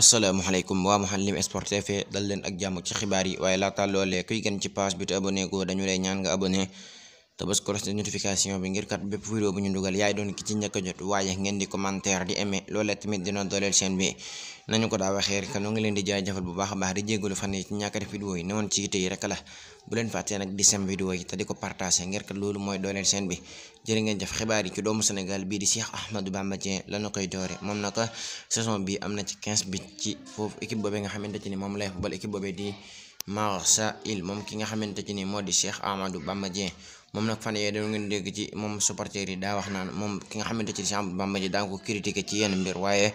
asalaamaaleykum waa Mouhalim Sport TV dal leen ak jàmm ci xibaar yi waaye laata loolee kuy gën ci page bi te abonné goo dañu lay ñaan nga abonné te bés cloche de notification bi ngir kat bépp vidéo bu ñu dugal yaay doon ki ci njëkk a jot waaye ngeen di commentaire di aimer loolee tamit dina dooleel chaîne bi nañu ko daa waxee rek nu leen di jaajëfal bu baax a baax di jégalu fan yi ci ñàkk a def vidéo yi newoon ci yitte rek la bu leen fàttee nag di sem vidéo yi te di ko partagé ngir kat loolu mooy dooleel chaîne bi jërë ngeen jëf xibaar yi ci doomu Sénégal bii di Cheikh Ahmadou Bamba Dieng lañu koy doore moom nag saison bi am na ci 15 bi ci foofu équipe nga xamante ni moom lay football équipe boobee di Marseille moom ki nga xamante ni moo di Cheikh Ahmadou Bamba Dieng moom na fan yee doon ngeen dégg ci moom supporter yi daa wax naan moom ki nga xamante ci Cheikh Ahmadou Bamba ji daa ko critiqué ci yenn mbir waaye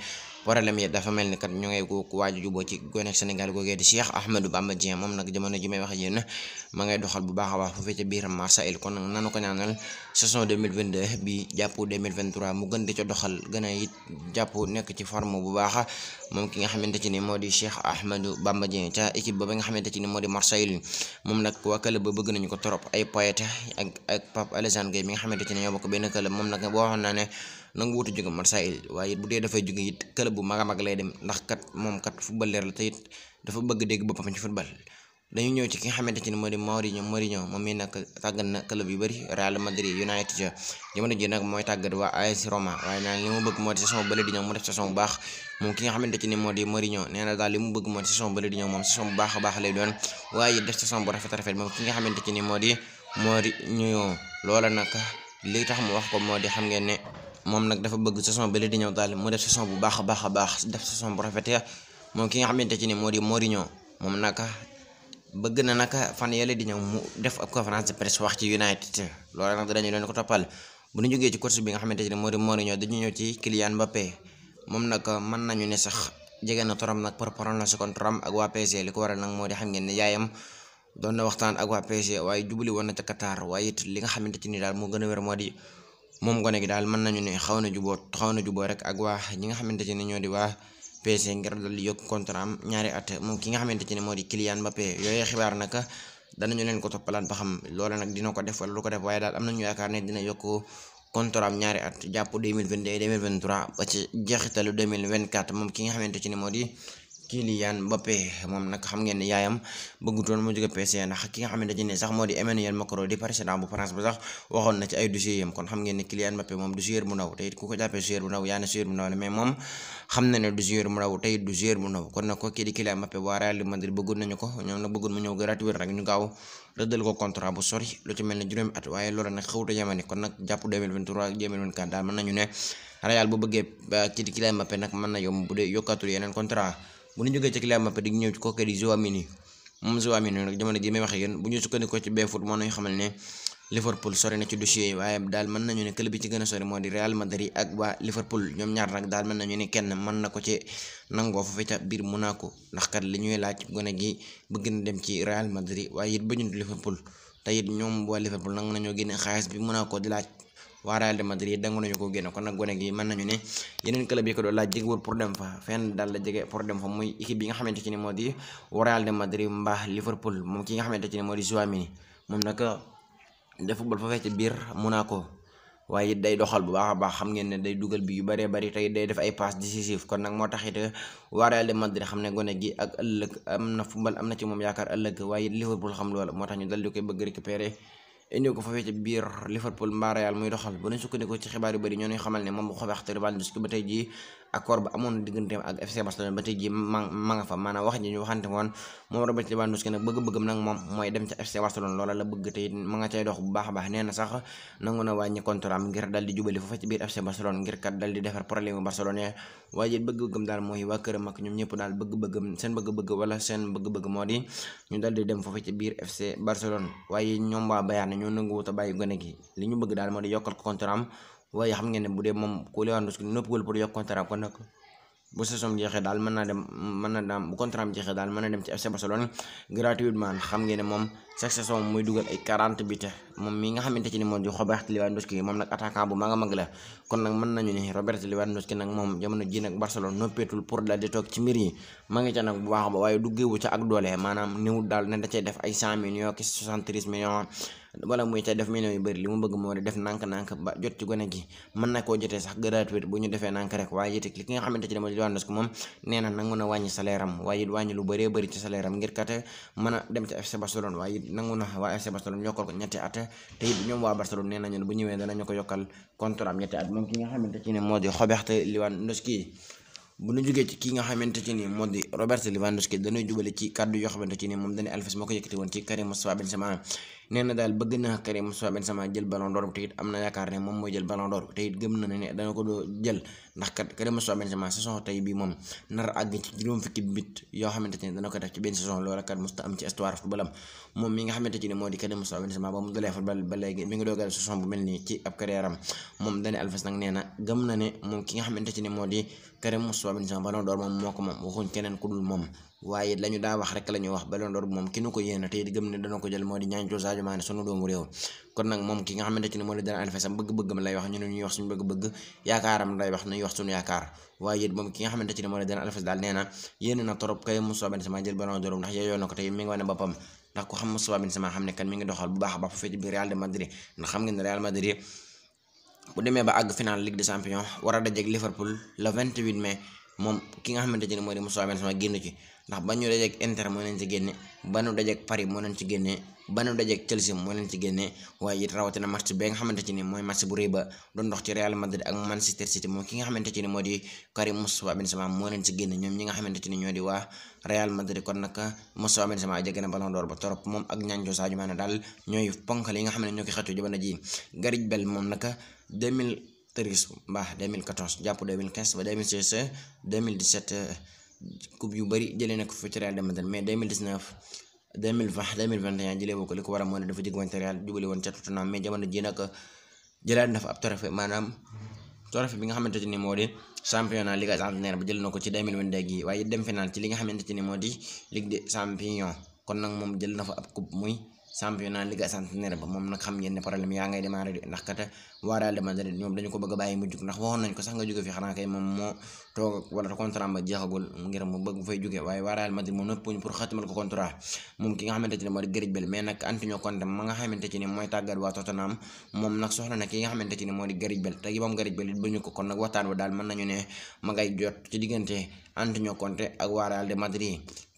problème yi dafa mel ni kat ñu ngay ko waaju juboo ci gone Sénégal googee di Cheikh Ahmadou Bamba Dieng moom nag jamono ji ma ngay bu baax a baax foofee ca biir Marseille kon nag nanu ko ñaanal saison 2022 bi jàpp 2023 baax moom ki nga xamante ci ni moo di Cheikh Ahmadou Bamba Dieng ca équipe ba ba nga xamante ci ni moo di Marseille moom nag waa bëgg nañu ko trop ay poète ak ak Pape Alassane nga xamante ci ni ñoo bokk benn club moom nag boo waxoon naa nangu wutu jóge Marseille waaye it bu dee dafay jóge it club bu mag a lay dem ndax kat moom kat footballeur la te it dafa bëgg dégg boppam ci football dañu ñëw ci ki nga xamante ci ni moo di Mourinho Mourinho moom mii nag tàggat na mooy tàggat waa AS Roma moo di saison bële di ñëw mu def saison bu baax moom ki nga xamante ci ne moo di na daal loola nag li tax mu wax ko moo di xam ngeen ne moom nag dafa bëgg saison bi la di ñëw daal mu def saison bu baax a baax a baax def saison bu rafet ya moom ki nga xamante ci ni moo di Mourinho moom naka bëgg na naka fan yële di ñëw def ab conférence de wax ci United loolu nag danañu leen ko toppal bu ñu ci course bi nga xamante ci ni moo di Mourinho dañu ñëw ci Kylian Mbappé moom nag mën nañu ne sax jege na toram nag pour na contrat am ak waa PSG li ko waral nag moo di xam ngeen ne yaayam doon na waxtaan ak waa PSG waaye jubali woon na ca Qatar waaye it li nga xamante ci ni daal moo gën a wér moo di. moom gone gi daal mën nañu ne xaw na juboo xaw na juboo rek ak waa ñi nga xamante ne ñoo di waa PSG ngir dal di yokk contrat am ñaari at moom ki nga xamante ne moo di Kylian Mbappé yooyee xibaar naka danañu leen ko toppalaat ba xam loola nag dina ko def wala du waaye daal am nañu yaakaar ne dina yokk contrat am ñaari at jàpp 2022 2023 ba ci jeexitalu 2024 moom ki nga xamante ne moo di Kylian Mbappé moom nag xam ngeen ne yaayam bëggutoon mu jóge PSG ndax ki nga xamante ne sax moo di Emmanuel Macron di président bu France ba sax waxoon na ci ay dossier yam kon xam ngeen ne Kylian Mbappé moom du joueur bu ndaw te it ku ne ne du joueur bu ndaw kon nag ko kii di Kylian Mbappé waa Real Madrid bëggoon nañu ko ñoom nag bëggoon mu ñëw gratuit rek ñu gaaw rëddal ko contrat bu sori lu ci mel ne juróomi at waaye loolu ne Real bu ñu jógee ci Kylian Mbappé di ñëw ci kooku di Tchouaméni moom Tchouaméni nag jamono ji may wax ak yéen bu ñu ko ci benn foot moo nañu xamal ne Liverpool sori na ci dossier yi waaye daal mën nañu ne club bi ci gën a sori moo di Real Madrid ak waa Liverpool ñoom ñaar nag daal mën nañu ne kenn mën na ko ci nangoo foofu ca biir ko ndax kat li ñuy laaj gone gi bëgg na dem ci Real Madrid waaye it bañu Liverpool te it ñoom waa Liverpool nangu nañoo génne xaalis bi Monaco di laaj. waa Real de Madrid dangu nañu ko génne kon nag gone gi mën nañu ne yeneen club yi ko doon laaj jege wut pour dem fa fenn ne moo di Real de Madrid mbaa Liverpool ki nga xamante ci ne moo di Tchouaméni moom nag def football foofee ci biir Monaco waaye it day doxal bu baax a baax xam ngeen ne day dugal bi yu bëree bëri tey day def ay passes décisives kon nag moo tax it waa Real de Madrid xam ne gone gi ak ëllëg am na football am na ci moom yaakaar ëllëg waaye Liverpool xam loola moo tax ñu dal di koy bëgg récupérer indi ko fa ci biir Liverpool mbaa Real muy doxal bu ñu sukkandikoo ci xibaar yu bëri ñoo ñuy xamal ne moom bu ko waxtaanee ba tey jii accord ba amoon digganteem ak FC Barcelone ba tey ji ma ma nga fa maanaam wax ji ñu waxante woon moom Robert Lewandowski a baax nee na sax nangu na wàññi contrat ngir dal di jubali ci biir FC waaye ñoom ñëpp daal bëgg-bëggam seen bëgg-bëgg wala seen bëgg-bëgg moo di ñu dal di dem foofa ci biir FC Barcelone waaye ñoom waa Bayern ñoo nanguwut a bàyyi gone gi li ñu bëgg daal moo di yokkal contrat waaye xam ngeen ne bu dee moom ku Lewandowski noppigul pour yokk contrat kon nag bu saison jeexee daal mën naa dem mën na daam bu contrat bi jeexee daal dem ci ne moom chaque saison muy dugal ay 40 but moom mi nga nag attaquant bu mag a mag la kon nag mën nañu ni Robert Lewandowski nag moom jamono ji nag Barcelone noppeetul pour daal di toog ci mbir yi ma ngi ca nag bu baax ba waaye duggeewu ca ak doole maanaam néew daal ne da def ay 100 millions wala muy tey def millions yu bëri li mu bëgg moo di def nànk-nànk ba jot ci gone gi mën na koo jotee sax gratuite bu ñu defee nànk rek waaye it li ki nga xamante ci dama di Lewandowski moom nee na nangu na wàññi salaire am a dem ci FC Barcelone waaye it nangu na waa FC Barcelone yokkal ko ñetti at ñoom waa Barcelone nee nañu bu ñëwee danañu ko yokkal contrat am ñetti at moom ki nga xamante ci ne moo di Robert Lewandowski bu kii nga xamante ci ni moo di Robert Lewandowski dañuy jubale ci kàddu yoo xamante ci ni moom dañuy Alves moo ko yëkkati woon ci Karim Benzema nee na daal bëgg naa Karim na yaakaar ne moom mooy jël ballon d'or bi te it gëm bii moom nar a àgg ci yoo xamante ne dana ko def ci benn saison loola kat musta am mi nga xamante ci moo di Karim Moussa ba mu dalee ba léegi mi ngi doogal saison bu mel nii ci ab carrière moom Dani Alves nag nee na gëm na ne moom ki nga xamante ci ne moo di Karim Moussa Benzema ballon d'or moom moo ko moom waxuñ keneen ku dul moom waaye it la daa wax rek la wax ballon d'or moom ki moom ki nga xamante ci ne moo di dana alfasam daal nee na na torop kay Moussa Sama xam ne kan mi ngi doxal bu baax a baax fu fekk bi Real de Madrid ndax xam nga ne Real Madrid bu demee ba àgg final Ligue des Champions war a dajeeg Liverpool le 28 mai moom ki nga xamante ci ne moo di Moussa Sama génn ci ndax ba ñu dajeeg Inter moo leen ci génne ba nu dajeeg Paris moo leen Chelsea moo leen ci génne waaye rawatina match bi nga xamante ci ni mooy match bu rëy ba doon dox ci Real Madrid ak Manchester City moom ki nga xamante ci ni moo di Karim Moustapha Benzema moo leen ci génne ñoom ñi nga xamante ci ni ñoo di waa Real Madrid kon nag ba torop moom ak ñanjo Sadio Mané daal ñooy ponkal yi nga xam ne ñoo ko xëccoo jamono ji Gareth Bale moom nag coupe yu bari jëlee na ko fa ci Real de Madrid mais 2019 2020 2021 jëlee woo ko li ko war a moo ne dafa jigwante Real jubale woon ca Tottenham mais jamono jëlaat na fa ab trophée maanaam trophée bi nga xamante ni moo di championnat Liga des Champions ba jël na ko ci 2022 gi waaye dem final ci li nga xamante ne moo di Ligue des Champions kon nag moom jël na fa ab coupe muy championnat Liga Santander ba moom nag xam ngeen ne yaa ngay démarré di ndax kat waa Real de Madrid a bàyyi mu jug ndax waxoon nañ ko sax nga moo toog wala contrat ba jeexagul ngir mu waaye waa Real Madrid moom noppuñu pour xatimal ko contrat moom ki ne moo di Gareth Bale mais nag Antonio Conte na ki nga moo di Gareth Bale te moom Gareth Bale it ba ñu ko kon nag waxtaan wa daal mën ma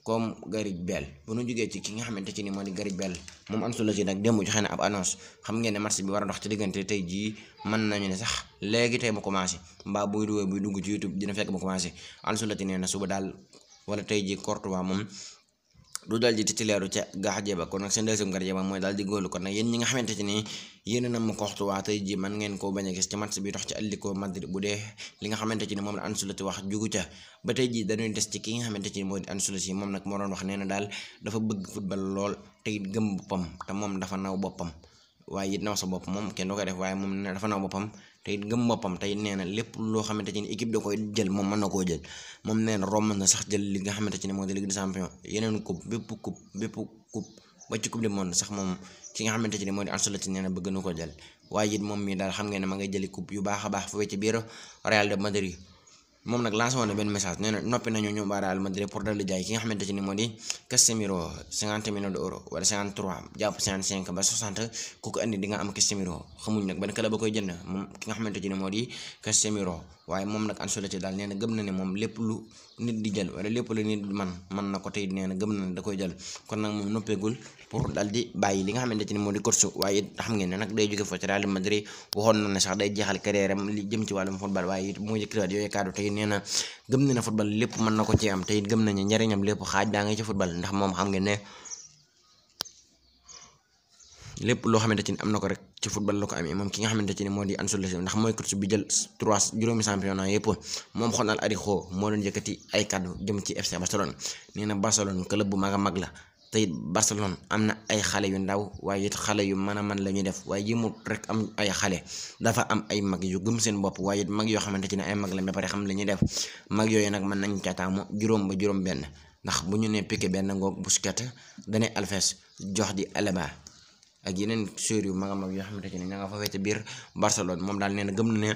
comme Gareth Bale bu nu jógee ci ki nga xamante ci ni moo di Gareth Bale moom Ancelotti ci nag démb joxe na ab annonce xam ngeen ne match bi war a dox ci diggante tey jii mën nañu ne sax léegi tey mu commencé mbaa buy duwee buy dugg ci YouTube dina fekk mu commencé Ancelotti nee na suba daal wala tey jii waa moom du daal di titulaire ca gaaxaje ba kon nag seen deuxième gardien ba mooy daal di góolu kon nag yéen ñi nga xamante ni yéen na mu ko waa tey ji man ngeen koo bañ a gis ci match bi dox ci Atlético Madrid bu dee li nga xamante ci ni moom la Ancelotti wax jugu ca ba tey ji dañuy nga xamante ci ni moo di Ancelotti moom nag moo doon wax nee na daal dafa bëgg football lool te it gëm boppam te moom dafa naw boppam waaye it naw sa bopp moom kenn du ko def waaye moom dafa naw boppam te it gëm boppam te it nee na lépp loo xamante ne équipe da koy jël moom mën na koo jël moom nee na romb na sax jël li nga xamante ne moo di ligue des champions yeneen coupe bépp coupe bépp coupe ba coupe du monde sax moom ki nga xamante ne moo di Ancelotti nee na bëgg na ko jël waaye it moom mii daal xam ngeen ne ma ngay jëli coupe yu baax a baax foofu ci biir Real de Madrid moom nag lancé na benn message nee na noppi nañu ñu ba Real Madrid pour daldi jaay ki nga xamante ne moo di Casemiro 50 millions d'euros wala 53 jàpp 55 ba 60 ku ko andi di nga am Casemiro xamuñ nag benn club ba koy jënd moom ki nga xamante ne moo di Casemiro waaye moom nag Ancelotti daal nee gëm na ne moom lépp lu. nit di jël wala lépp la nit man man na ko tey nee na gëm na ne da koy jël kon nag moom noppeegul pour dal di bàyyi li nga xamante ni moo di course waaye xam ngeen ne nag day jóge foofu ci Real Madrid waxoon na ne sax day jeexal carrière li jëm ci wàllum football waaye it moo yëkkatiwaat yooyu kaddu tey nee na gëm na ne football lépp mën na ko ci am te it gëm nañu njariñam lépp xaaj daa nga ci football ndax moom xam ngeen ne lépp loo xamante ni am na ko rek ci football la ko amee moom ki nga xamante ni moo di Ancelotti ndax mooy coach bi jël trois juróomi championnat yëpp moom Ronald Araujo moo doon yëkkati ay kàddu jëm ci FC na Barcelone club bu mag a mag la te it Barcelone am na ay xale yu ndaw waaye it xale yu mën a mën la ñuy def waaye ji mu rek am ay xale dafa am ay mag yu gëm seen bopp waaye it mag yoo xamante ne ay mag la ba pare xam la ñuy def mag yooyu nag mën nañu caataamu juróom ba juróom benn ndax bu ñu nee Piqué benn ngoog Busquets dane Alves jox di Alaba ak yeneen sœur yu mag a yoo xamante ne ña nga fa ci biir Barcelone moom daal nee na gëm na ne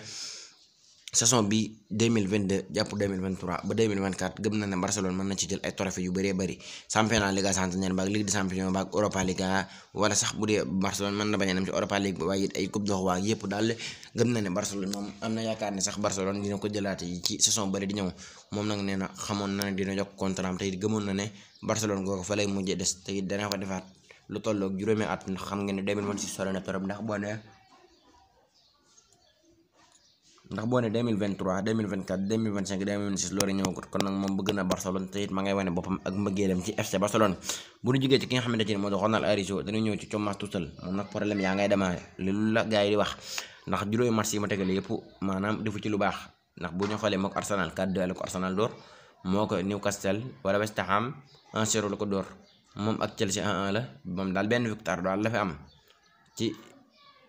saison bi 2022 jàpp 2023 ba 2024 gëm na ne Barcelone mën na ci jël ay trophée yu bëree bëri a dem ci gëm na ne Barcelone moom am na yaakaar ne sax Barcelone dina ko jëlaate yi ci saison bëri di ñëw moom nag nee na xamoon na ne dina jokk contrat am gëmoon na ne Barcelone googu fa lay mujjee des te it dana defaat lu tolloog juróomi at ndax xam ngeen ne 2026 sore na torop ndax boo ne ndax boo ne 2023 2024 2025 2026 loolu ñëwagut kon nag moom bëgg na Barcelone te it ma ngay wane boppam ak mbëggeelam ci FC Barcelone bu ñu jugee ci ki nga xamante ne moo di Ronald Araújo dañu ñëw ci Thomas Tuchel moom nag problème yaa ngay démarré lu la gars yi di wax ndax juróomi match yi ma tegale yëpp maanaam defu ci lu baax ndax bu ko Arsenal 4-2 la ko la ko door moom ak Chelsea 1-1 la moom daal benn victoire daal la fi am ci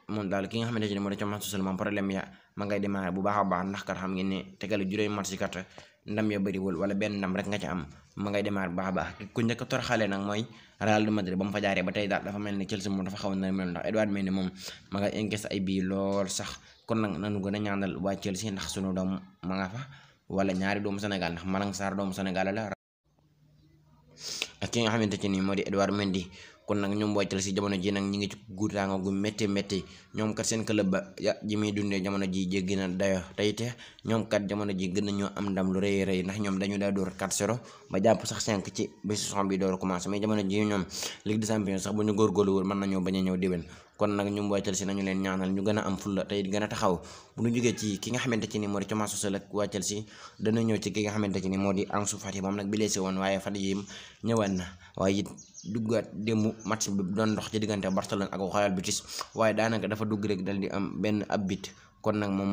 moom daal ki nga xamante ne moo di Thomas Tuchel moom problème ya ma bu baax a baax ndax kat xam ngeen ne tegalu juróomi match kat ndam ya bëriwul wala benn ndam rek nga ci am ma ngay démarrer bu baax baax ku njëkk a torxalee nag mooy Real de Madrid ba mu fa jaaree ba tey daal dafa mel ni Chelsea moom dafa xaw a nar mel ndax Edouard Mendy moom ma ngay encaissé ay bii lool sax kon nag nanu gën a ñaanal waa Chelsea ndax sunu doom ma nga fa wala ñaari doomu Sénégal ndax Malang Sarr doomu Sénégal la ak ki nga xamante ci ni moo di Edouard Mendy kon nag ñoom Boy Chelsea jamono ji nag ñi ngi ci guutaanga gu métti métti ñoom kat seen club ba ji muy dundee jamono ji jéggi na dayo tey te ñoom kat jamono ji gën nañoo am ndam lu rëy rëy ndax ñoom dañu daa door 4-0 ba jàpp sax 5 ci bi saison bi door commencé mais jamono ji ñoom Ligue des Champions sax bu ñu góorgóorlu woon mën nañoo bañ a ñëw déwén kon nag ñum waa si nañu leen ñaanal ñu gën a am fulla tey gën a taxaw bu ñu jógee ci ki nga xamante ci ni moo di Thomas Tuchel ak waa Chelsea dana ñëw ci ki nga xamante ci ni moo di Ansu Fati moom nag blessé woon waaye fan yii ñëwaat na waaye it duggaat démb match bi doon ndox ci diggante Barcelone ak Real Betis waaye daanaka dafa dugg rek dal di am benn ab bit kon nag moom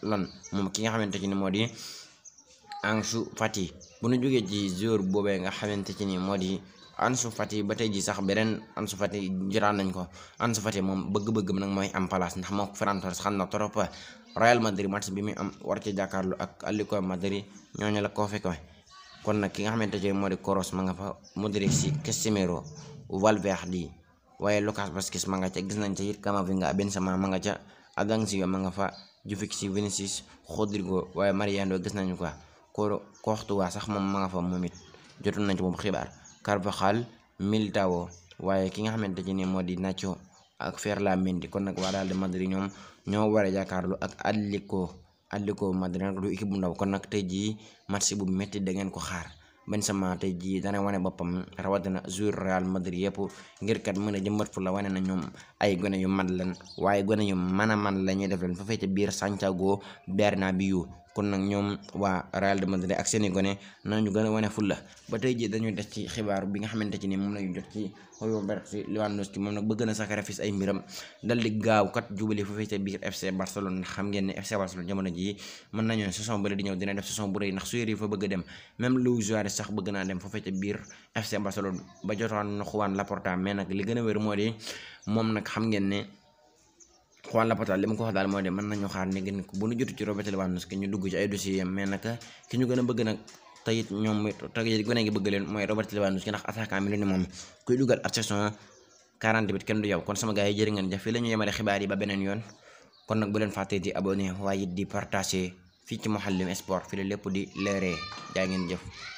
lan moom ki nga xamante ci ni moo di Ansu Fati bu nu jógee ci joueur boobee nga xamante ci ni moo di Ansu Fati ba tey ji sax beneen Ansu Fati jiraan nañ ko Ansu Fati moom bëgg-bëgg nag mooy am place ndax moo ko Ferran Torres xam na trop Real Madrid match bi muy am war ci jàkkaarlu ak Atlético Madrid ñooñu la koo fekk kon nag ki nga xamante ne moo di Kroos ma nga fa Modric si Casemiro Valverde waaye Lucas Vázquez ma nga ca gis nañ ca it Camavinga Benzema ma nga ca Asensio ma nga fa Jovic si Vinicius Rodrigo waaye Mariano gis nañu ko ko waa sax moom ma nga fa moom it jotoon nañ ci moom xibaar Carvajal Militao waaye ki nga xamante ci ni moo di Nacho ak feer la mendy kon nag waa Real de Madrid ñoom ñoo war a jàkkaarloo ak Atlético Atlético Madrid nag du équipe bu ndaw kon nag tey jii match bu métti da ngeen ko xaar Benzema tey jii dana wane boppam rawatina jur Real Madrid yëpp ngir kat mën a jëmbat fu la wane na ñoom ay gone yu man lan waaye gone yu mën a man la ñuy def leen fa fee ca biir bi Bernabéu kon nag ñoom waa Real de Madrid ak seeni gone nañu gën a wane fulla ba tey ji dañuy des ci xibaar bi nga xamante ci ni moom lañu jot ci Robert nag bëgg na sacrifice ay mbiram dal di gaaw kat jubali foofee ca biir FC Barcelone xam ngeen ne FC Barcelone jamono jii mën nañoo saison bële di ñëw dina def saison bu rëy ndax su yore fa bëgg a dem même Luis Suarez sax bëgg naa dem foofee ca biir FC Barcelone ba jotoon na Juan Laporta nag li gën a wér moo di moom nag xam ngeen ne Juan Laporta li ma ko wax daal mooy de mën nañu xaar ne gën bu ñu jotu ci Robert Lewandowski ñu a bëgg nag tey it ñoom tey gone gi leen mooy Robert Lewandowski ndax attaquant mi lu ni moom kuy dugal ab saison 40 bit kenn du yow kon sama gars yi jërë ngeen jëf fii la ñu yemale xibaar yi ba beneen yoon ngeen jëf